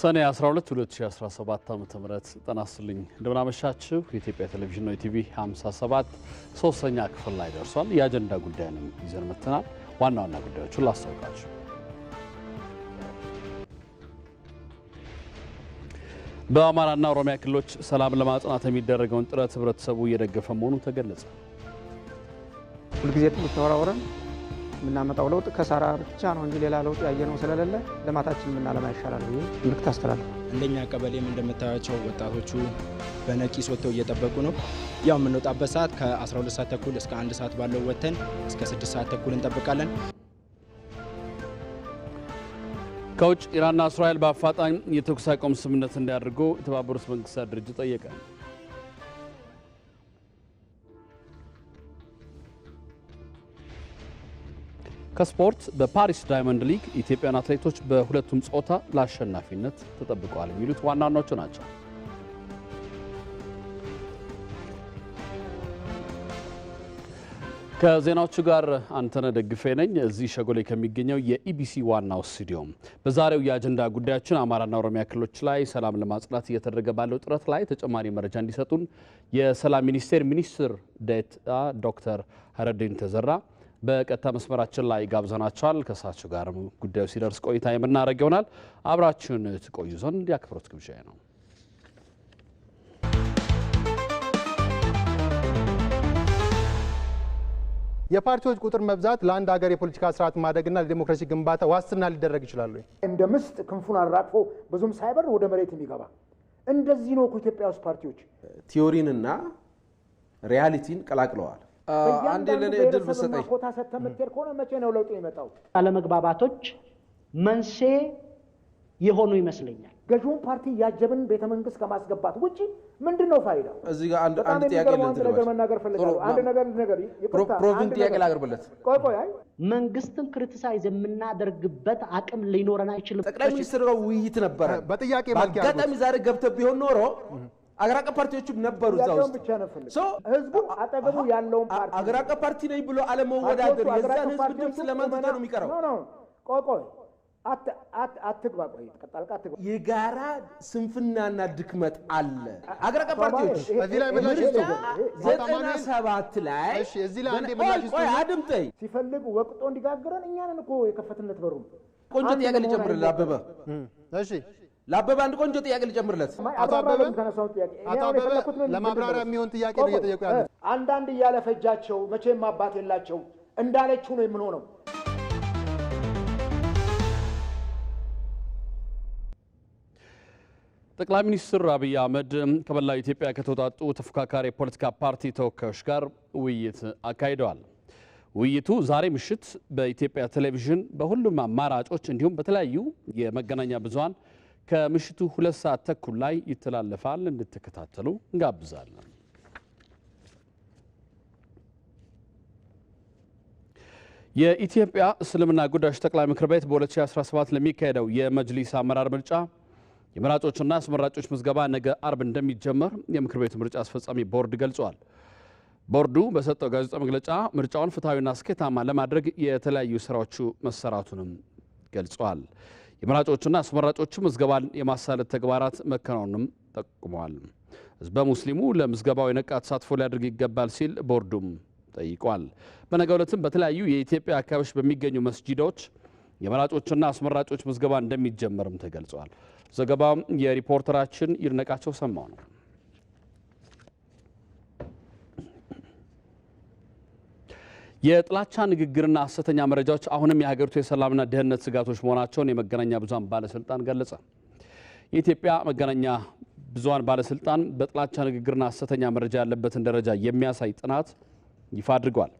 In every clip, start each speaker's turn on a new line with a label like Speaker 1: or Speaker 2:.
Speaker 1: ሰኔ 12 2017 ዓ.ም ጤና ይስጥልኝ። እንደምናመሻችሁ የኢትዮጵያ ቴሌቪዥን ነው ኢቲቪ 57 ሶስተኛ ክፍል ላይ ደርሷል። የአጀንዳ ጉዳይንም ይዘን መጥተናል። ዋና ዋና ጉዳዮቹን ላስታውቃችሁ። በአማራና ኦሮሚያ ክልሎች ሰላም ለማጽናት የሚደረገውን ጥረት ህብረተሰቡ እየደገፈ መሆኑ ተገለጸ።
Speaker 2: ሁልጊዜ ትምህርት ተወራውረን የምናመጣው ለውጥ ከሳራ ብቻ ነው እንጂ ሌላ ለውጥ ያየነው ስለሌለ ልማታችን የምናለማ ይሻላል ብዬ ምልክት አስተላለፍ።
Speaker 3: እንደኛ ቀበሌም እንደምታያቸው ወጣቶቹ በነቂስ ወጥተው እየጠበቁ ነው። ያው የምንወጣበት ሰዓት ከ12 ሰዓት ተኩል እስከ አንድ ሰዓት ባለው ወጥተን እስከ 6 ሰዓት ተኩል እንጠብቃለን።
Speaker 1: ከውጭ ኢራንና እስራኤል በአፋጣኝ የተኩስ አቁም ስምምነት እንዲያደርጉ የተባበሩት መንግስታት ድርጅት ጠየቀ። ከስፖርት በፓሪስ ዳይመንድ ሊግ ኢትዮጵያን አትሌቶች በሁለቱም ጾታ ለአሸናፊነት ተጠብቀዋል የሚሉት ዋና ዋናዎቹ ናቸው። ከዜናዎቹ ጋር አንተነህ ደግፌ ነኝ። እዚህ ሸጎሌ ከሚገኘው የኢቢሲ ዋናው ስቱዲዮም በዛሬው የአጀንዳ ጉዳያችን አማራና ኦሮሚያ ክልሎች ላይ ሰላም ለማጽናት እየተደረገ ባለው ጥረት ላይ ተጨማሪ መረጃ እንዲሰጡን የሰላም ሚኒስቴር ሚኒስትር ዴኤታ ዶክተር ሀረዲን ተዘራ በቀጥታ መስመራችን ላይ ጋብዘናቸዋል። ከእሳቸው ጋር ጉዳዩ ሲደርስ ቆይታ የምናደርግ ይሆናል። አብራችሁን ትቆዩ ዘንድ የአክብሮት ግብዣ ነው።
Speaker 4: የፓርቲዎች ቁጥር መብዛት ለአንድ ሀገር የፖለቲካ ስርዓት ማደግና ለዲሞክራሲ ግንባታ ዋስትና ሊደረግ ይችላሉ።
Speaker 5: እንደ ምስጥ ክንፉን አራጥፎ ብዙም ሳይበር ወደ መሬት የሚገባ እንደዚህ ነው እኮ ኢትዮጵያ ውስጥ ፓርቲዎች
Speaker 6: ቲዮሪንና ሪያሊቲን ቀላቅለዋል። አንዴ ለኔ እድል ብትሰጠኝ
Speaker 5: ቦታ ሰጥተ የምትሄድ ከሆነ መቼ ነው ለውጡ የመጣው?
Speaker 7: አለመግባባቶች መንሴ የሆኑ ይመስለኛል።
Speaker 5: ገዥውን ፓርቲ እያጀብን ቤተ መንግስት ከማስገባት ውጭ ምንድን ነው ፋይዳው?
Speaker 6: እዚህ ጋር አንድ አንድ ጥያቄ
Speaker 5: ነገር መናገር ፈልጋለሁ። አንድ ነገር ነገር
Speaker 6: ፕሮቪንስ ጥያቄ ላቅርብለት።
Speaker 5: ቆይ ቆይ፣ አይ
Speaker 7: መንግስትን ክሪቲሳይዝ የምናደርግበት አቅም ሊኖረን አይችልም።
Speaker 6: ጠቅላይ ሚኒስትር ውይይት ነበረ በጥያቄ አጋጣሚ ዛሬ ገብተህ ቢሆን ኖሮ አገር አቀፍ ፓርቲዎቹም ነበሩ እዛ ውስጥ
Speaker 5: ህዝቡ አጠገቡ ያለውን
Speaker 6: ፓርቲ አገር አቀፍ ፓርቲ ነኝ ብሎ አለመወዳደር የዛን ህዝብ ድምፅ ለማንሳት ነው የሚቀረው።
Speaker 5: ቆቆይ አትግባ፣ ቆይ ጣልቃ አትግባ።
Speaker 6: የጋራ ስንፍናና ድክመት አለ። አገር አቀፍ ፓርቲዎች ዘጠና ሰባት ላይ አድምጠኝ
Speaker 5: ሲፈልግ ወቅጦ እንዲጋግረን እኛንን እኮ የከፈትነት በሩም
Speaker 6: ቆንጆ ጥያቄ ልጨምርልህ አበበ እሺ ለአበበ አንድ ቆንጆ ጥያቄ ልጨምርለት። አቶ አበበ ለማብራሪያ የሚሆን ጥያቄ ነው እየጠየቁ ያለ
Speaker 5: አንዳንድ እያለፈጃቸው መቼም አባት የላቸው እንዳለችው ነው የምንሆነው።
Speaker 1: ጠቅላይ ሚኒስትር አብይ አህመድ ከመላው ኢትዮጵያ ከተውጣጡ ተፎካካሪ የፖለቲካ ፓርቲ ተወካዮች ጋር ውይይት አካሂደዋል። ውይይቱ ዛሬ ምሽት በኢትዮጵያ ቴሌቪዥን በሁሉም አማራጮች እንዲሁም በተለያዩ የመገናኛ ብዙሃን ከምሽቱ ሁለት ሰዓት ተኩል ላይ ይተላለፋል። እንድትከታተሉ እንጋብዛለን። የኢትዮጵያ እስልምና ጉዳዮች ጠቅላይ ምክር ቤት በ2017 ለሚካሄደው የመጅሊስ አመራር ምርጫ የመራጮችና አስመራጮች ምዝገባ ነገ አርብ እንደሚጀመር የምክር ቤቱ ምርጫ አስፈጻሚ ቦርድ ገልጿል። ቦርዱ በሰጠው ጋዜጣ መግለጫ ምርጫውን ፍትሐዊና ስኬታማ ለማድረግ የተለያዩ ስራዎቹ መሰራቱንም ገልጿል። የመራጮችና አስመራጮቹ ምዝገባን የማሳለጥ ተግባራት መከናወንም ጠቁመዋል። ህዝበ ሙስሊሙ ለምዝገባው የነቃ ተሳትፎ ሊያደርግ ይገባል ሲል ቦርዱም ጠይቋል። በነገ ዕለትም በተለያዩ የኢትዮጵያ አካባቢዎች በሚገኙ መስጂዶች የመራጮችና አስመራጮች ምዝገባ እንደሚጀመርም ተገልጿል። ዘገባም የሪፖርተራችን ይድነቃቸው ሰማው ነው። የጥላቻ ንግግርና ሐሰተኛ መረጃዎች አሁንም የሀገሪቱ የሰላምና ደህንነት ስጋቶች መሆናቸውን የመገናኛ ብዙሃን ባለስልጣን ገለጸ። የኢትዮጵያ መገናኛ ብዙሃን ባለስልጣን በጥላቻ ንግግርና ሐሰተኛ መረጃ ያለበትን ደረጃ የሚያሳይ ጥናት ይፋ አድርጓል።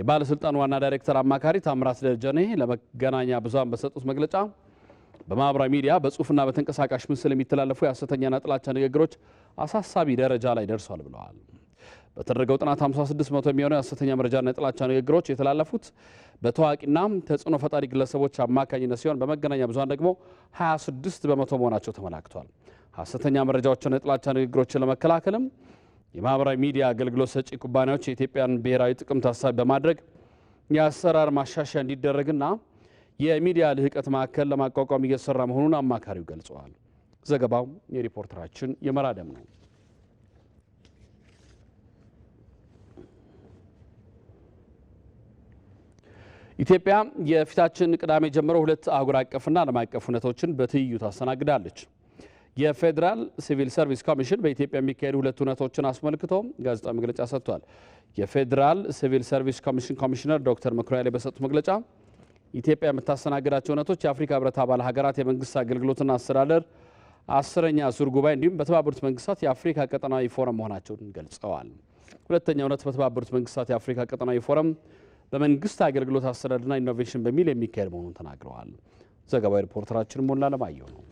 Speaker 1: የባለስልጣኑ ዋና ዳይሬክተር አማካሪ ታምራት ደጀኔ ለመገናኛ ብዙሃን በሰጡት መግለጫ በማህበራዊ ሚዲያ በጽሁፍና በተንቀሳቃሽ ምስል የሚተላለፉ የሐሰተኛና ጥላቻ ንግግሮች አሳሳቢ ደረጃ ላይ ደርሷል ብለዋል። በተደረገው ጥናት 56 በመቶ የሚሆነው የሐሰተኛ መረጃና የጥላቻ ንግግሮች የተላለፉት በታዋቂና ተጽዕኖ ፈጣሪ ግለሰቦች አማካኝነት ሲሆን በመገናኛ ብዙኃን ደግሞ 26 በመቶ መሆናቸው ተመላክቷል። ሐሰተኛ መረጃዎችና የጥላቻ ንግግሮችን ለመከላከልም የማህበራዊ ሚዲያ አገልግሎት ሰጪ ኩባንያዎች የኢትዮጵያን ብሔራዊ ጥቅም ታሳቢ በማድረግ የአሰራር ማሻሻያ እንዲደረግና የሚዲያ ልህቀት ማዕከል ለማቋቋም እየተሰራ መሆኑን አማካሪው ገልጸዋል። ዘገባው የሪፖርተራችን የመራደም ነው። ኢትዮጵያ የፊታችን ቅዳሜ ጀምሮ ሁለት አህጉር አቀፍና ዓለም አቀፍ ሁነቶችን በትይዩ ታስተናግዳለች። የፌዴራል ሲቪል ሰርቪስ ኮሚሽን በኢትዮጵያ የሚካሄዱ ሁለት እውነቶችን አስመልክቶ ጋዜጣዊ መግለጫ ሰጥቷል። የፌዴራል ሲቪል ሰርቪስ ኮሚሽን ኮሚሽነር ዶክተር መኩሪያሌ በሰጡት መግለጫ ኢትዮጵያ የምታስተናግዳቸው እውነቶች የአፍሪካ ህብረት አባል ሀገራት የመንግስት አገልግሎትና አስተዳደር አስረኛ ዙር ጉባኤ እንዲሁም በተባበሩት መንግስታት የአፍሪካ ቀጠናዊ ፎረም መሆናቸውን ገልጸዋል። ሁለተኛ እውነት በተባበሩት መንግስታት የአፍሪካ ቀጠናዊ ፎረም በመንግስት አገልግሎት አሰራርና ኢኖቬሽን በሚል የሚካሄድ መሆኑን ተናግረዋል። ዘገባው ሪፖርተራችን ሞላ ለማየው ነው።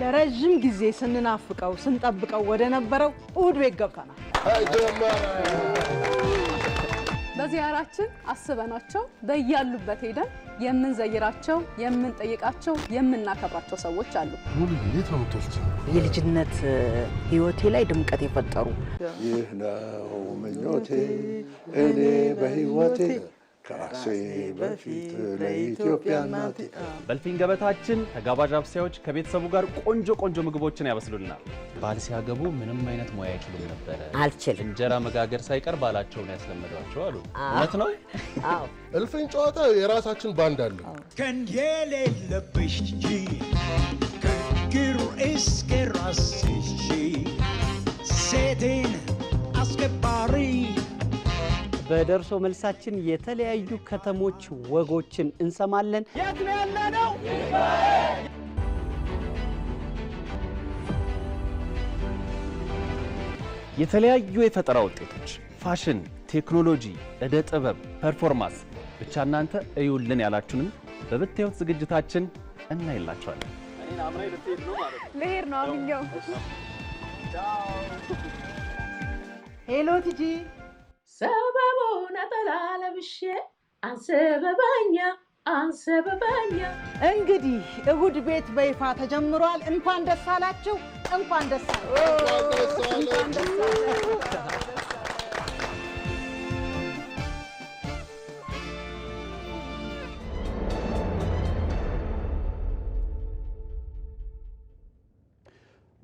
Speaker 8: ለረዥም ጊዜ ስንናፍቀው ስንጠብቀው ወደ ነበረው እሁድ ቤት ገብተናል።
Speaker 9: በዚያራችን አስበናቸው በያሉበት ሄደን የምንዘይራቸው፣ የምንጠይቃቸው፣ የምናከብራቸው ሰዎች አሉ።
Speaker 10: የልጅነት ህይወቴ ላይ ድምቀት የፈጠሩ
Speaker 11: ይህ ነው ምኞቴ እኔ በህይወቴ
Speaker 1: በልፊን ገበታችን ተጋባዥ አብሳዮች ከቤተሰቡ ጋር ቆንጆ ቆንጆ ምግቦችን ያበስሉናል።
Speaker 12: ባል ሲያገቡ ምንም አይነት ሙያ አይችሉም ነበረ። አልችል እንጀራ መጋገር ሳይቀር ባላቸውን ያስለመዷቸው አሉ። እውነት ነው።
Speaker 13: እልፍኝ ጨዋታ የራሳችን ባንድ አለ። ከንየሌለብሽ ከግሩ እስከ ራስሽ
Speaker 1: ሴቴን አስከባሪ በደርሶ መልሳችን የተለያዩ ከተሞች ወጎችን እንሰማለን። የት ነው የተለያዩ የፈጠራ ውጤቶች፣ ፋሽን፣ ቴክኖሎጂ፣ እደ ጥበብ፣ ፐርፎርማንስ፣ ብቻ እናንተ እዩልን ያላችሁንም በብታዩት ዝግጅታችን እናይላቸዋለን።
Speaker 14: ልሄድ ነው
Speaker 15: ሄሎ ቲጂ
Speaker 16: ሰበቡን አጠላ ለብሼ አንሰበባኛ እንግዲህ እሁድ ቤት በይፋ ተጀምሯል። እንኳን ደስ አላችሁ፣ እንኳን ደስ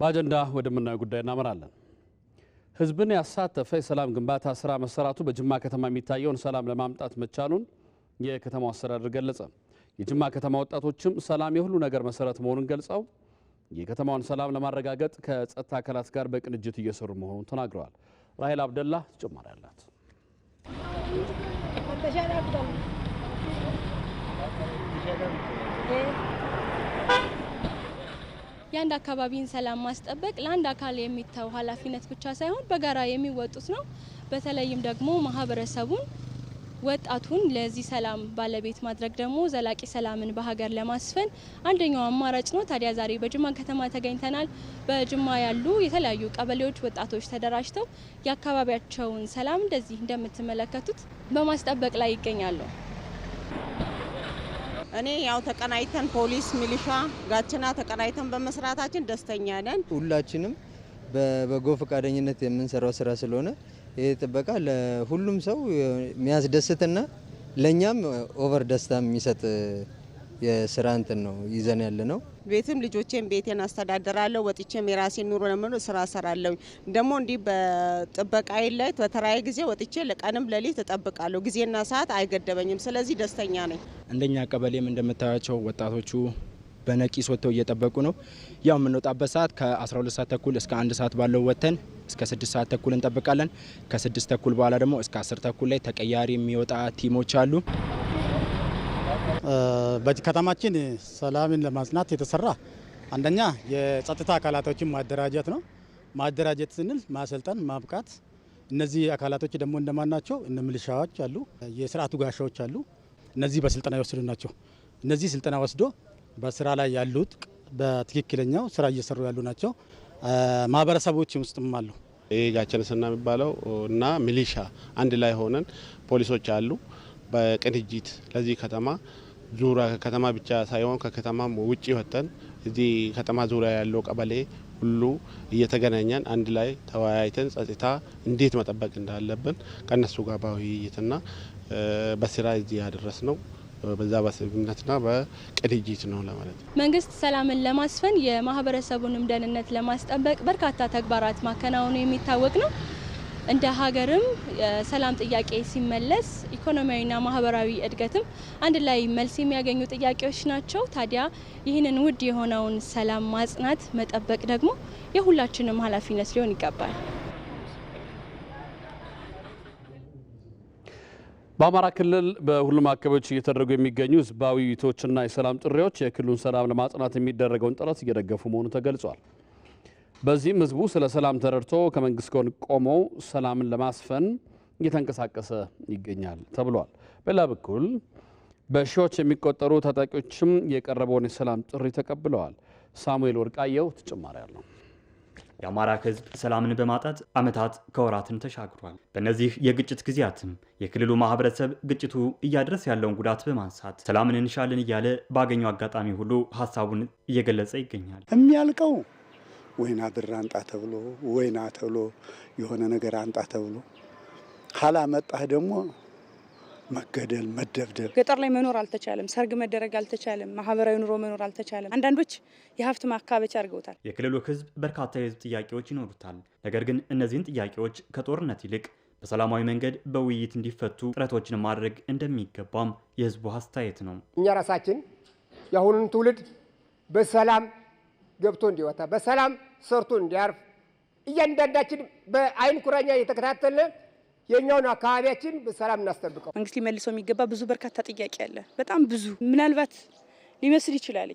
Speaker 1: በአጀንዳ ወደምናየው ጉዳይ እናመራለን። ህዝብን ያሳተፈ የሰላም ግንባታ ስራ መሰራቱ በጅማ ከተማ የሚታየውን ሰላም ለማምጣት መቻሉን የከተማው አስተዳደር ገለጸ። የጅማ ከተማ ወጣቶችም ሰላም የሁሉ ነገር መሰረት መሆኑን ገልጸው የከተማውን ሰላም ለማረጋገጥ ከጸጥታ አካላት ጋር በቅንጅት እየሰሩ መሆኑን ተናግረዋል። ራሄል አብደላ ተጨማሪ አላት።
Speaker 17: የአንድ አካባቢን ሰላም ማስጠበቅ ለአንድ አካል የሚተው ኃላፊነት ብቻ ሳይሆን በጋራ የሚወጡት ነው። በተለይም ደግሞ ማህበረሰቡን ወጣቱን ለዚህ ሰላም ባለቤት ማድረግ ደግሞ ዘላቂ ሰላምን በሀገር ለማስፈን አንደኛው አማራጭ ነው። ታዲያ ዛሬ በጅማ ከተማ ተገኝተናል። በጅማ ያሉ የተለያዩ ቀበሌዎች ወጣቶች ተደራጅተው የአካባቢያቸውን ሰላም እንደዚህ እንደምትመለከቱት በማስጠበቅ ላይ ይገኛሉ።
Speaker 18: እኔ ያው ተቀናይተን ፖሊስ፣ ሚሊሻ፣ ጋችና ተቀናይተን በመስራታችን ደስተኛ ነን።
Speaker 19: ሁላችንም በበጎ ፈቃደኝነት የምንሰራው ስራ ስለሆነ ይህ ጥበቃ ለሁሉም ሰው የሚያስደስትና ለእኛም ኦቨር ደስታ የሚሰጥ የስራ እንትን ነው ይዘን ያለ ነው።
Speaker 20: ቤትም ልጆቼን ቤቴን አስተዳደራለሁ፣ ወጥቼም የራሴን ኑሮ ለመኖር ስራ ሰራለሁ። ደግሞ እንዲህ በጥበቃዬ ላይ በተራዬ ጊዜ ወጥቼ ለቀንም ለሊት እጠብቃለሁ። ጊዜና ሰዓት አይገደበኝም። ስለዚህ ደስተኛ ነኝ።
Speaker 3: እንደኛ ቀበሌም እንደምታያቸው ወጣቶቹ በነቂስ ወጥተው እየጠበቁ ነው። ያው የምንወጣበት ሰዓት ከ12 ሰዓት ተኩል እስከ 1 ሰዓት ባለው ወጥተን እስከ 6 ሰዓት ተኩል እንጠብቃለን። ከ6 ተኩል በኋላ ደግሞ እስከ 10 ተኩል ላይ ተቀያሪ የሚወጣ ቲሞች አሉ። በከተማችን ሰላምን ለማጽናት የተሰራ አንደኛ የጸጥታ አካላቶችን ማደራጀት ነው። ማደራጀት ስንል ማሰልጠን፣ ማብቃት። እነዚህ አካላቶች ደግሞ እንደማናቸው እነ ምልሻዎች አሉ፣ የስርዓቱ ጋሻዎች አሉ። እነዚህ በስልጠና የወሰዱ ናቸው። እነዚህ ስልጠና ወስዶ በስራ ላይ ያሉት በትክክለኛው ስራ እየሰሩ ያሉ ናቸው። ማህበረሰቦች ውስጥም አሉ።
Speaker 21: ይህ ስና የሚባለው እና ሚሊሻ አንድ ላይ ሆነን ፖሊሶች አሉ በቅንጅት ለዚህ ከተማ ዙሪያ ከተማ ብቻ ሳይሆን ከከተማም ውጭ ወጥተን እዚህ ከተማ ዙሪያ ያለው ቀበሌ ሁሉ እየተገናኘን አንድ ላይ ተወያይተን ጸጥታ እንዴት መጠበቅ እንዳለብን ከእነሱ ጋር በውይይትና በስራ እዚህ ያደረስ ነው። በዛ በስብነትና በቅድጅት ነው ለማለት ነው።
Speaker 17: መንግስት ሰላምን ለማስፈን የማህበረሰቡንም ደህንነት ለማስጠበቅ በርካታ ተግባራት ማከናወኑ የሚታወቅ ነው። እንደ ሀገርም የሰላም ጥያቄ ሲመለስ ኢኮኖሚያዊና ማህበራዊ እድገትም አንድ ላይ መልስ የሚያገኙ ጥያቄዎች ናቸው። ታዲያ ይህንን ውድ የሆነውን ሰላም ማጽናት፣ መጠበቅ ደግሞ የሁላችንም ኃላፊነት ሊሆን ይገባል።
Speaker 1: በአማራ ክልል በሁሉም አካባቢዎች እየተደረጉ የሚገኙ ህዝባዊ ውይይቶችና የሰላም ጥሪዎች የክልሉን ሰላም ለማጽናት የሚደረገውን ጥረት እየደገፉ መሆኑ ተገልጿል። በዚህም ህዝቡ ስለ ሰላም ተረድቶ ከመንግስት ጎን ቆሞ ሰላምን ለማስፈን እየተንቀሳቀሰ ይገኛል ተብሏል። በሌላ በኩል በሺዎች የሚቆጠሩ ታጣቂዎችም የቀረበውን የሰላም ጥሪ ተቀብለዋል። ሳሙኤል ወርቃየው ተጨማሪ አለው። የአማራ ህዝብ ሰላምን በማጣት ዓመታት ከወራትን ተሻግሯል። በእነዚህ የግጭት ጊዜያትም የክልሉ ማህበረሰብ ግጭቱ እያደረስ ያለውን ጉዳት በማንሳት ሰላምን እንሻለን እያለ ባገኘው አጋጣሚ ሁሉ ሀሳቡን እየገለጸ ይገኛል።
Speaker 11: የሚያልቀው ወይና ብር አንጣ ተብሎ ወይና ተብሎ የሆነ ነገር አንጣ ተብሎ መጣህ ደግሞ መገደል፣ መደብደብ።
Speaker 17: ገጠር ላይ መኖር አልተቻለም፣ ሰርግ መደረግ አልተቻለም፣ ማህበራዊ ኑሮ መኖር አልተቻለም። አንዳንዶች የሀብት ማካበቻ አድርገውታል።
Speaker 1: የክልሉ ህዝብ በርካታ የህዝብ ጥያቄዎች ይኖሩታል። ነገር ግን እነዚህን ጥያቄዎች ከጦርነት ይልቅ በሰላማዊ መንገድ በውይይት እንዲፈቱ ጥረቶችን ማድረግ እንደሚገባም የህዝቡ አስተያየት ነው።
Speaker 5: እኛ ራሳችን የአሁኑን ትውልድ በሰላም ገብቶ እንዲወጣ በሰላም ሰርቶ እንዲያርፍ እያንዳንዳችን በአይን ኩራኛ እየተከታተለ የኛውን አካባቢያችን በሰላም እናስጠብቀው።
Speaker 17: መንግስት ሊመልሰው የሚገባ ብዙ በርካታ ጥያቄ አለ። በጣም ብዙ ምናልባት ሊመስል ይችላል።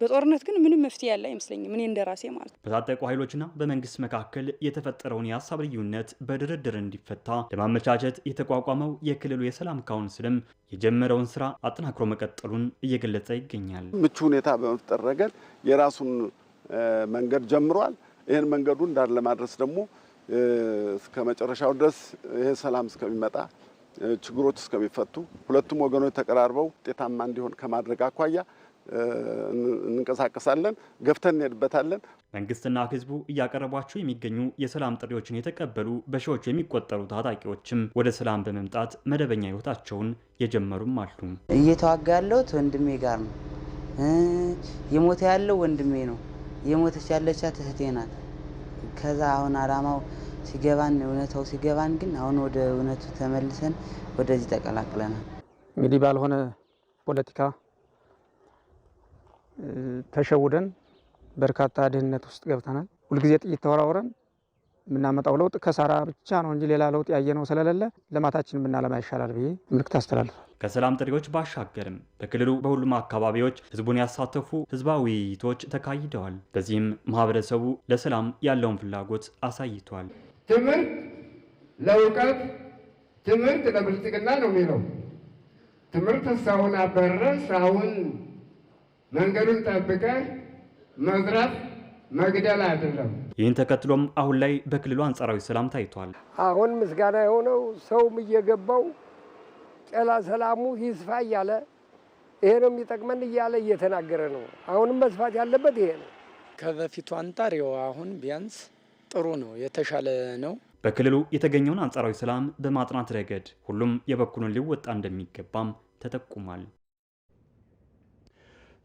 Speaker 17: በጦርነት ግን ምንም መፍትሄ ያለ አይመስለኝም። እኔ እንደ ራሴ ማለት ነው።
Speaker 1: በታጠቁ ኃይሎችና በመንግስት መካከል የተፈጠረውን የሀሳብ ልዩነት በድርድር እንዲፈታ ለማመቻቸት የተቋቋመው የክልሉ የሰላም ካውንስልም የጀመረውን ስራ አጠናክሮ መቀጠሉን እየገለጸ ይገኛል።
Speaker 13: ምቹ ሁኔታ በመፍጠር ረገድ የራሱን መንገድ ጀምሯል። ይህን መንገዱ እንዳለ ለማድረስ ደግሞ እስከ መጨረሻው ድረስ ይህ ሰላም እስከሚመጣ ችግሮች እስከሚፈቱ ሁለቱም ወገኖች ተቀራርበው ውጤታማ እንዲሆን ከማድረግ አኳያ እንንቀሳቀሳለን፣ ገፍተን እንሄድበታለን።
Speaker 1: መንግስትና ህዝቡ እያቀረቧቸው የሚገኙ የሰላም ጥሪዎችን የተቀበሉ በሺዎች የሚቆጠሩ ታጣቂዎችም ወደ ሰላም በመምጣት መደበኛ ህይወታቸውን የጀመሩም አሉ።
Speaker 22: እየተዋጋ ያለሁት ወንድሜ ጋር ነው። የሞተ ያለው ወንድሜ ነው። የሞተች ያለቻት እህቴ ናት። ከዛ አሁን አላማው ሲገባን እውነታው ሲገባን ግን አሁን ወደ እውነቱ ተመልሰን ወደዚህ ተቀላቅለናል።
Speaker 2: እንግዲህ ባልሆነ ፖለቲካ ተሸውደን በርካታ ድህነት ውስጥ ገብተናል። ሁልጊዜ ጥይት ተወራውረን የምናመጣው ለውጥ ከሳራ ብቻ ነው እንጂ ሌላ ለውጥ ያየነው ስለሌለ ልማታችን ብናለማ ይሻላል ብዬ ምልክት አስተላልፋል።
Speaker 1: ከሰላም ጥሪዎች ባሻገርም በክልሉ በሁሉም አካባቢዎች ህዝቡን ያሳተፉ ህዝባዊ ውይይቶች ተካሂደዋል። በዚህም ማህበረሰቡ ለሰላም ያለውን ፍላጎት አሳይቷል።
Speaker 11: ትምህርት ለእውቀት፣ ትምህርት ለብልጽግና ነው የሚለው ትምህርት ሰውን አበረ ሰውን መንገዱን ጠብቀ መዝራት መግደል አይደለም።
Speaker 1: ይህን ተከትሎም አሁን ላይ በክልሉ አንጻራዊ ሰላም ታይቷል።
Speaker 5: አሁን ምስጋና የሆነው ሰውም እየገባው ጨላ ሰላሙ ይስፋ እያለ ይሄ ነው የሚጠቅመን እያለ እየተናገረ ነው። አሁንም መስፋት ያለበት ይሄ ነው።
Speaker 18: ከበፊቱ አንጻር አሁን ቢያንስ ጥሩ ነው፣ የተሻለ ነው።
Speaker 1: በክልሉ የተገኘውን አንጻራዊ ሰላም በማጥናት ረገድ ሁሉም የበኩሉን ሊወጣ እንደሚገባም ተጠቁሟል።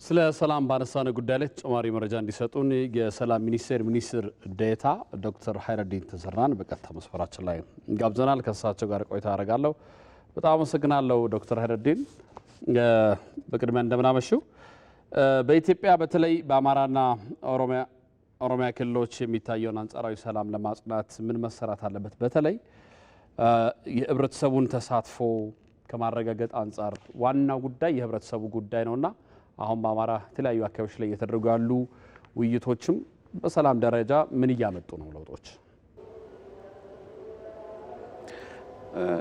Speaker 1: ስለ ሰላም ባነሳነ ጉዳይ ላይ ተጨማሪ መረጃ እንዲሰጡን የሰላም ሚኒስቴር ሚኒስትር ዴታ ዶክተር ሀይረዲን ተሰራን በቀጥታ መስፈራችን ላይ ጋብዘናል። ከእሳቸው ጋር ቆይታ አደርጋለሁ። በጣም አመሰግናለሁ ዶክተር ሀይረዲን። በቅድሚያ እንደምናመሹ። በኢትዮጵያ በተለይ በአማራና ኦሮሚያ ክልሎች የሚታየውን አንጻራዊ ሰላም ለማጽናት ምን መሰራት አለበት? በተለይ የህብረተሰቡን ተሳትፎ ከማረጋገጥ አንጻር ዋናው ጉዳይ የህብረተሰቡ ጉዳይ ነውና አሁን በአማራ የተለያዩ አካባቢዎች ላይ እየተደረጉ ያሉ ውይይቶችም በሰላም ደረጃ ምን እያመጡ ነው ለውጦች?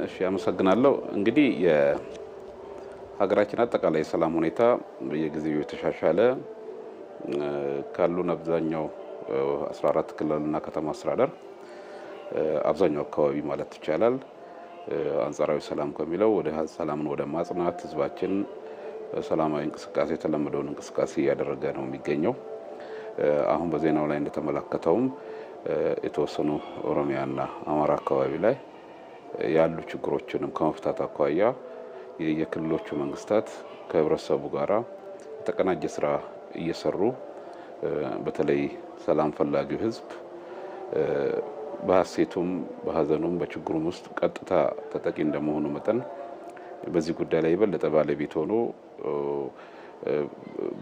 Speaker 23: እሺ አመሰግናለሁ። እንግዲህ የሀገራችን አጠቃላይ የሰላም ሁኔታ በየጊዜው የተሻሻለ ካሉን አብዛኛው 14 ክልልና ከተማ አስተዳደር አብዛኛው አካባቢ ማለት ይቻላል አንጻራዊ ሰላም ከሚለው ወደ ሰላምን ወደ ማጽናት ህዝባችን ሰላማዊ እንቅስቃሴ የተለመደውን እንቅስቃሴ እያደረገ ነው የሚገኘው። አሁን በዜናው ላይ እንደተመለከተውም የተወሰኑ ኦሮሚያና አማራ አካባቢ ላይ ያሉ ችግሮችንም ከመፍታት አኳያ የክልሎቹ መንግስታት ከህብረተሰቡ ጋር የተቀናጀ ስራ እየሰሩ በተለይ ሰላም ፈላጊው ህዝብ በሀሴቱም በሀዘኑም በችግሩም ውስጥ ቀጥታ ተጠቂ እንደመሆኑ መጠን በዚህ ጉዳይ ላይ የበለጠ ባለቤት ሆኖ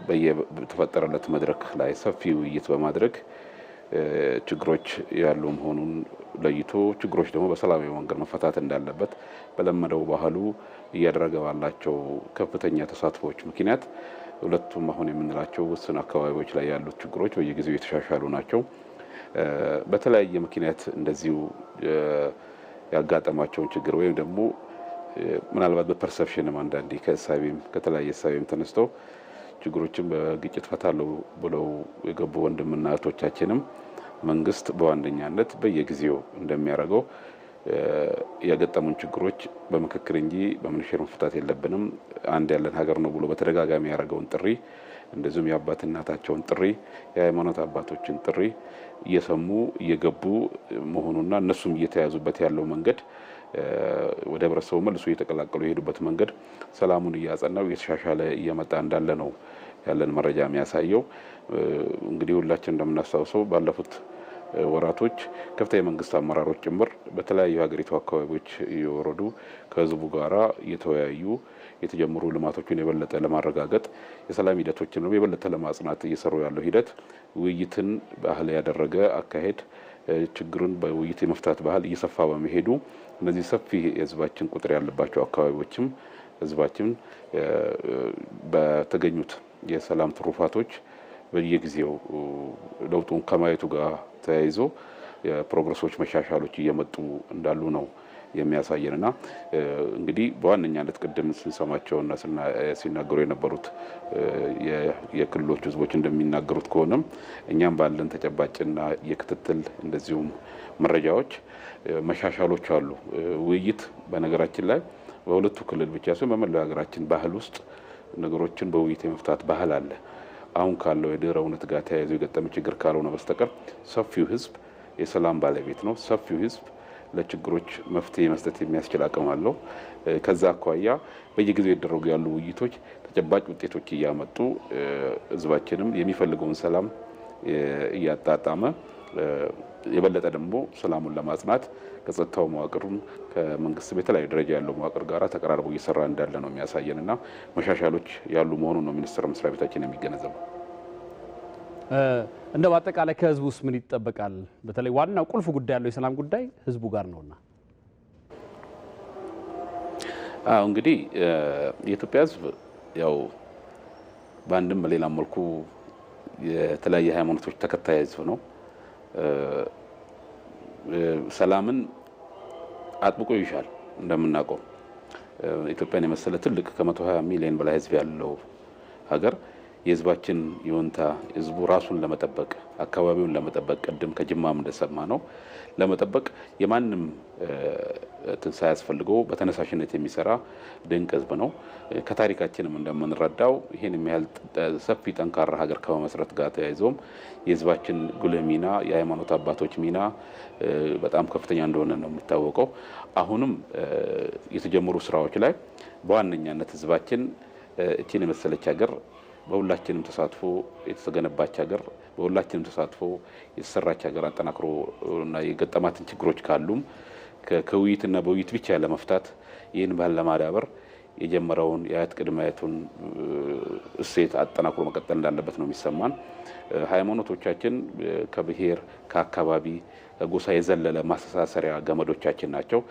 Speaker 23: በየተፈጠረለት መድረክ ላይ ሰፊ ውይይት በማድረግ ችግሮች ያሉ መሆኑን ለይቶ ችግሮች ደግሞ በሰላማዊ መንገድ መፈታት እንዳለበት በለመደው ባህሉ እያደረገ ባላቸው ከፍተኛ ተሳትፎዎች ምክንያት ሁለቱም አሁን የምንላቸው ውስን አካባቢዎች ላይ ያሉት ችግሮች በየጊዜው የተሻሻሉ ናቸው። በተለያየ ምክንያት እንደዚሁ ያጋጠማቸውን ችግር ወይም ደግሞ ምናልባት በፐርሰፕሽንም አንዳንዴ ከእሳቤም ከተለያየ እሳቤም ተነስተው ችግሮችን በግጭት ፈታለሁ ብለው የገቡ ወንድምና እህቶቻችንም መንግስት በዋነኛነት በየጊዜው እንደሚያደርገው ያገጠሙን ችግሮች በምክክር እንጂ በምንሽር መፍታት የለብንም፣ አንድ ያለን ሀገር ነው ብሎ በተደጋጋሚ ያደረገውን ጥሪ እንደዚሁም የአባት እናታቸውን ጥሪ የሃይማኖት አባቶችን ጥሪ እየሰሙ እየገቡ መሆኑና እነሱም እየተያዙበት ያለው መንገድ ወደ ህብረተሰቡ መልሶ እየተቀላቀሉ የሄዱበት መንገድ ሰላሙን እያጸናው እየተሻሻለ እየመጣ እንዳለ ነው ያለን መረጃ የሚያሳየው። እንግዲህ ሁላችን እንደምናስታውሰው ባለፉት ወራቶች ከፍተኛ የመንግስት አመራሮች ጭምር በተለያዩ ሀገሪቱ አካባቢዎች እየወረዱ ከህዝቡ ጋራ እየተወያዩ የተጀመሩ ልማቶችን የበለጠ ለማረጋገጥ የሰላም ሂደቶችን ደግሞ የበለጠ ለማጽናት እየሰሩ ያለው ሂደት ውይይትን ባህል ያደረገ አካሄድ ችግርን በውይይት የመፍታት ባህል እየሰፋ በመሄዱ እነዚህ ሰፊ የህዝባችን ቁጥር ያለባቸው አካባቢዎችም ህዝባችን በተገኙት የሰላም ትሩፋቶች በየጊዜው ለውጡን ከማየቱ ጋር ተያይዞ የፕሮግረሶች መሻሻሎች እየመጡ እንዳሉ ነው የሚያሳየን እና እንግዲህ በዋነኛነት ቅድም ስንሰማቸውና ሲናገሩ የነበሩት የክልሎች ህዝቦች እንደሚናገሩት ከሆነም እኛም ባለን ተጨባጭና የክትትል እንደዚሁም መረጃዎች መሻሻሎች አሉ። ውይይት በነገራችን ላይ በሁለቱ ክልል ብቻ ሳይሆን በመላው ሀገራችን ባህል ውስጥ ነገሮችን በውይይት የመፍታት ባህል አለ። አሁን ካለው የድህረ እውነት ጋር ተያይዞ የገጠመ ችግር ካልሆነ በስተቀር ሰፊው ህዝብ የሰላም ባለቤት ነው። ሰፊው ህዝብ ለችግሮች መፍትሄ መስጠት የሚያስችል አቅም አለው። ከዛ አኳያ በየጊዜው የደረጉ ያሉ ውይይቶች ተጨባጭ ውጤቶች እያመጡ ህዝባችንም የሚፈልገውን ሰላም እያጣጣመ የበለጠ ደግሞ ሰላሙን ለማጽናት ከጸጥታው መዋቅሩም ከመንግስት በተለያዩ ደረጃ ያለው መዋቅር ጋር ተቀራርቦ እየሰራ እንዳለ ነው የሚያሳየን እና መሻሻሎች ያሉ መሆኑን ነው ሚኒስቴር መስሪያ ቤታችን የሚገነዘበው።
Speaker 1: እንደ በአጠቃላይ ከህዝቡ ውስጥ ምን ይጠበቃል? በተለይ ዋናው ቁልፍ ጉዳይ ያለው የሰላም ጉዳይ ህዝቡ ጋር ነውና
Speaker 23: አዎ እንግዲህ የኢትዮጵያ ህዝብ ያው በአንድም በሌላም መልኩ የተለያየ ሃይማኖቶች ተከታይ ህዝብ ነው። ሰላምን አጥብቆ ይሻል። እንደምናውቀው ኢትዮጵያን የመሰለ ትልቅ ከ120 ሚሊዮን በላይ ህዝብ ያለው ሀገር የህዝባችን ይሁንታ ህዝቡ ራሱን ለመጠበቅ አካባቢውን ለመጠበቅ ቅድም ከጅማም እንደሰማ ነው ለመጠበቅ የማንም እንትን ሳያስፈልገው በተነሳሽነት የሚሰራ ድንቅ ህዝብ ነው። ከታሪካችንም እንደምንረዳው ይህን የሚያህል ሰፊ ጠንካራ ሀገር ከመመስረት ጋር ተያይዞም የህዝባችን ጉልህ ሚና፣ የሃይማኖት አባቶች ሚና በጣም ከፍተኛ እንደሆነ ነው የሚታወቀው። አሁንም የተጀመሩ ስራዎች ላይ በዋነኛነት ህዝባችን እቺን የመሰለች ሀገር በሁላችንም ተሳትፎ የተገነባች ሀገር በሁላችንም ተሳትፎ የተሰራች ሀገር አጠናክሮ እና የገጠማትን ችግሮች ካሉም ከውይይትና በውይይት ብቻ ለመፍታት ይህን ባህል ለማዳበር የጀመረውን የአያት ቅድመ አያቱን እሴት አጠናክሮ መቀጠል እንዳለበት ነው የሚሰማን። ሃይማኖቶቻችን ከብሔር፣ ከአካባቢ፣ ከጎሳ የዘለለ ማስተሳሰሪያ ገመዶቻችን ናቸው።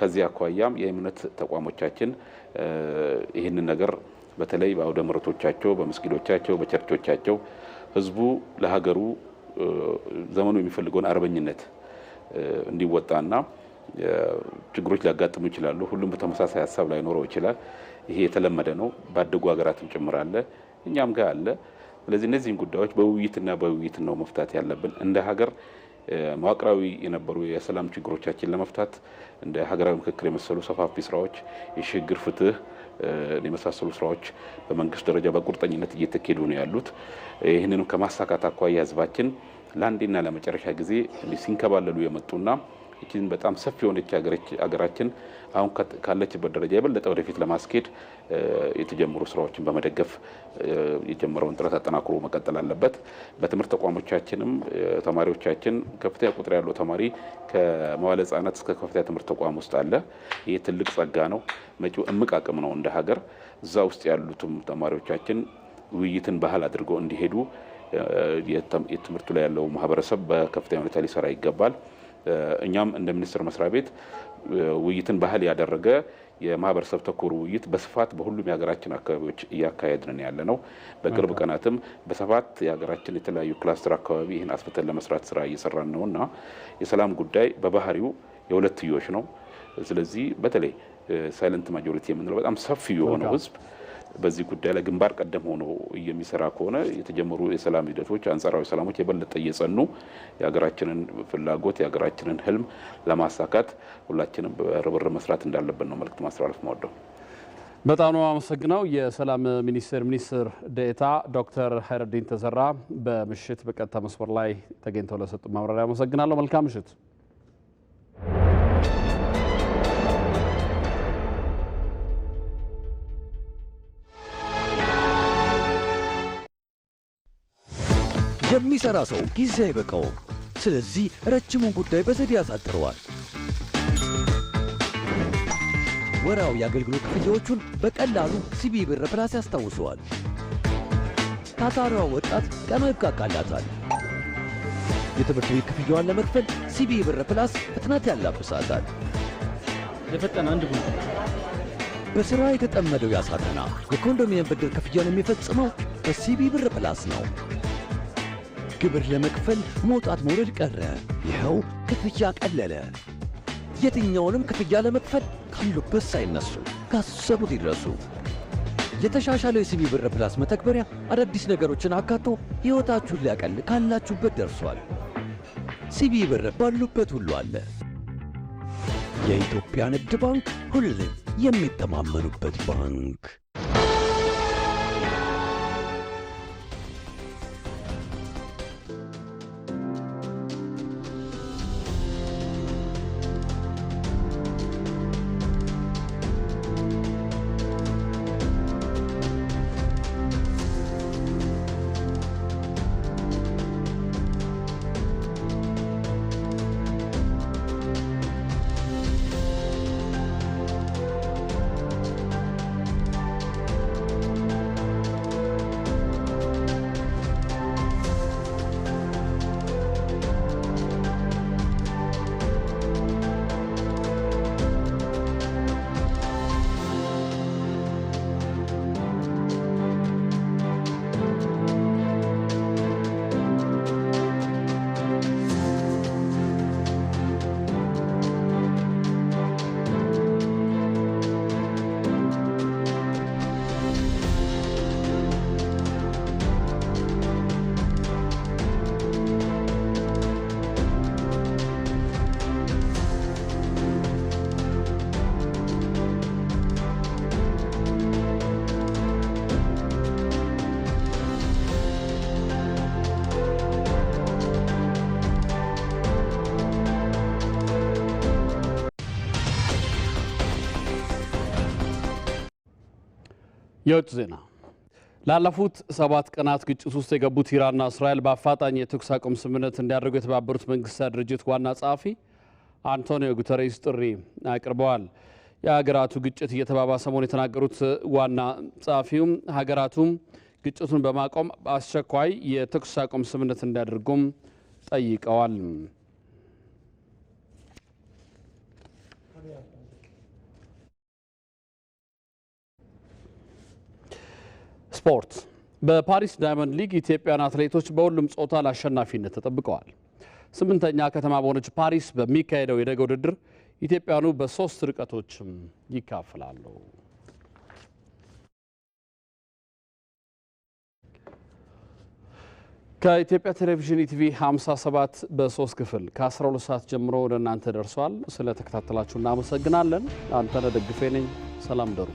Speaker 23: ከዚህ አኳያም የእምነት ተቋሞቻችን ይህንን ነገር በተለይ በአውደ ምረቶቻቸው፣ በመስጊዶቻቸው፣ በቸርቾቻቸው ህዝቡ ለሀገሩ ዘመኑ የሚፈልገውን አርበኝነት እንዲወጣና ችግሮች ሊያጋጥሙ ይችላሉ። ሁሉም በተመሳሳይ ሀሳብ ላይኖረው ይችላል። ይሄ የተለመደ ነው። ባደጉ ሀገራትም ጭምር አለ፣ እኛም ጋር አለ። ስለዚህ እነዚህን ጉዳዮች በውይይትና በውይይት ነው መፍታት ያለብን እንደ ሀገር መዋቅራዊ የነበሩ የሰላም ችግሮቻችን ለመፍታት እንደ ሀገራዊ ምክክር የመሰሉ ሰፋፊ ስራዎች፣ የሽግግር ፍትህ የመሳሰሉ ስራዎች በመንግስት ደረጃ በቁርጠኝነት እየተካሄዱ ነው ያሉት። ይህንንም ከማሳካት አኳያ ህዝባችን ለአንዴና ለመጨረሻ ጊዜ ሲንከባለሉ የመጡና ይችን በጣም ሰፊ የሆነች ሀገራችን አሁን ካለችበት ደረጃ የበለጠ ወደፊት ለማስኬድ የተጀመሩ ስራዎችን በመደገፍ የጀመረውን ጥረት አጠናክሮ መቀጠል አለበት። በትምህርት ተቋሞቻችንም ተማሪዎቻችን ከፍተኛ ቁጥር ያለው ተማሪ ከመዋለ ህጻናት እስከ ከፍተኛ ትምህርት ተቋም ውስጥ አለ። ይህ ትልቅ ጸጋ ነው፣ መጪው እምቅ አቅም ነው እንደ ሀገር። እዛ ውስጥ ያሉትም ተማሪዎቻችን ውይይትን ባህል አድርገው እንዲሄዱ የትምህርቱ ላይ ያለው ማህበረሰብ በከፍተኛ ሁኔታ ሊሰራ ይገባል። እኛም እንደ ሚኒስቴር መስሪያ ቤት ውይይትን ባህል ያደረገ የማህበረሰብ ተኮር ውይይት በስፋት በሁሉም የሀገራችን አካባቢዎች እያካሄድን ያለ ነው። በቅርብ ቀናትም በሰባት የሀገራችን የተለያዩ ክላስተር አካባቢ ይህን አስፍተን ለመስራት ስራ እየሰራን ነው እና የሰላም ጉዳይ በባህሪው የሁለትዮሽ ነው። ስለዚህ በተለይ ሳይለንት ማጆሪቲ የምንለው በጣም ሰፊ የሆነው ህዝብ በዚህ ጉዳይ ላይ ግንባር ቀደም ሆኖ የሚሰራ ከሆነ የተጀመሩ የሰላም ሂደቶች፣ አንጻራዊ ሰላሞች የበለጠ እየጸኑ የሀገራችንን ፍላጎት የሀገራችንን ህልም ለማሳካት ሁላችንም በርብር መስራት እንዳለብን ነው መልእክት ማስተላለፍ መወደው።
Speaker 1: በጣም ነው አመሰግነው። የሰላም ሚኒስቴር ሚኒስትር ዴኤታ ዶክተር ሀይረዲን ተዘራ በምሽት በቀጥታ መስመር ላይ ተገኝተው ለሰጡ ማብራሪያ አመሰግናለሁ። መልካም ምሽት። የሚሰራ ሰው ጊዜ አይበቃውም። ስለዚህ ረጅሙን ጉዳይ በዘዴ ያሳጥረዋል። ወራዊ የአገልግሎት ክፍያዎቹን በቀላሉ ሲቢ ብር ፕላስ ያስታውሰዋል። ታታሪዋ ወጣት ቀመብ ካቃላታል። የትምህርት ቤት ክፍያዋን ለመክፈል ሲቢ ብር ፕላስ ፍጥነት ያላብሳታል። የፈጠነ አንድ ቡና በስራ የተጠመደው ያሳተና የኮንዶሚኒየም ብድር ክፍያን የሚፈጽመው በሲቢ ብር ፕላስ ነው። ግብር ለመክፈል መውጣት መውረድ ቀረ። ይኸው ክፍያ ቀለለ። የትኛውንም ክፍያ ለመክፈል ካሉበት ሳይነሱ ካሰቡት ይድረሱ። የተሻሻለው የሲቢ ብር ፕላስ መተግበሪያ አዳዲስ ነገሮችን አካቶ ሕይወታችሁን ሊያቀል ካላችሁበት ደርሷል። ሲቢ ብር ባሉበት ሁሉ አለ። የኢትዮጵያ ንግድ ባንክ ሁሌም የሚተማመኑበት ባንክ የውጭ ዜና ላለፉት ሰባት ቀናት ግጭት ውስጥ የገቡት ኢራንና እስራኤል በአፋጣኝ የተኩስ አቁም ስምምነት እንዲያደርጉ የተባበሩት መንግስታት ድርጅት ዋና ጸሐፊ አንቶኒዮ ጉተሬስ ጥሪ አቅርበዋል። የሀገራቱ ግጭት እየተባባሰ መሆኑን የተናገሩት ዋና ጸሐፊውም ሀገራቱም ግጭቱን በማቆም አስቸኳይ የተኩስ አቁም ስምምነት እንዲያደርጉም ጠይቀዋል። ስፖርት በፓሪስ ዳይመንድ ሊግ ኢትዮጵያን አትሌቶች በሁሉም ጾታ ለአሸናፊነት ተጠብቀዋል። ስምንተኛ ከተማ በሆነች ፓሪስ በሚካሄደው የደገ ውድድር ኢትዮጵያኑ በሶስት ርቀቶችም ይካፈላሉ። ከኢትዮጵያ ቴሌቪዥን ኢቲቪ 57 በሶስት ክፍል ከ12 ሰዓት ጀምሮ ወደ እናንተ ደርሷል። ስለ ተከታተላችሁ እናመሰግናለን። አንተነህ ደግፌ ነኝ። ሰላም ደሩ